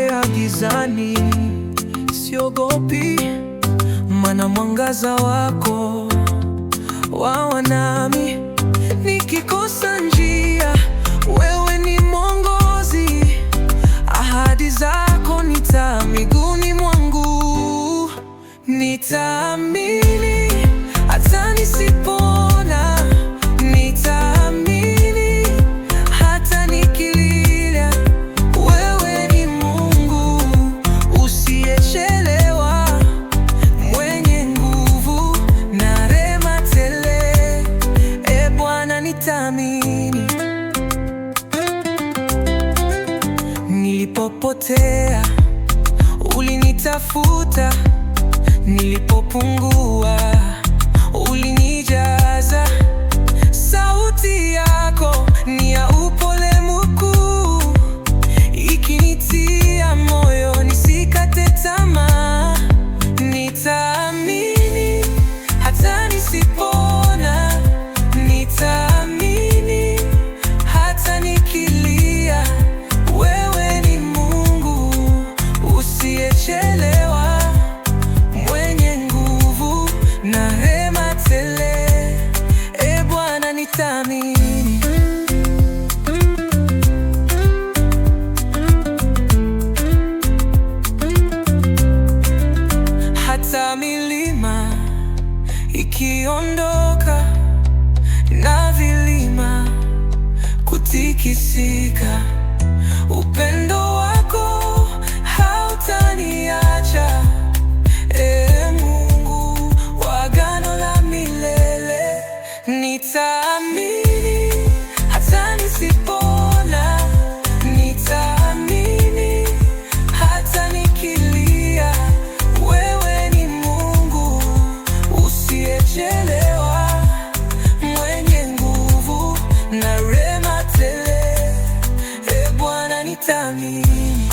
Nikitembea gizani siogopi, mana mwangaza wako wawa nami nikikosa vitamini nilipopotea ulinitafuta, nilipopungua kuthamini. Hata milima ikiondoka na vilima kutikisika, upendo me.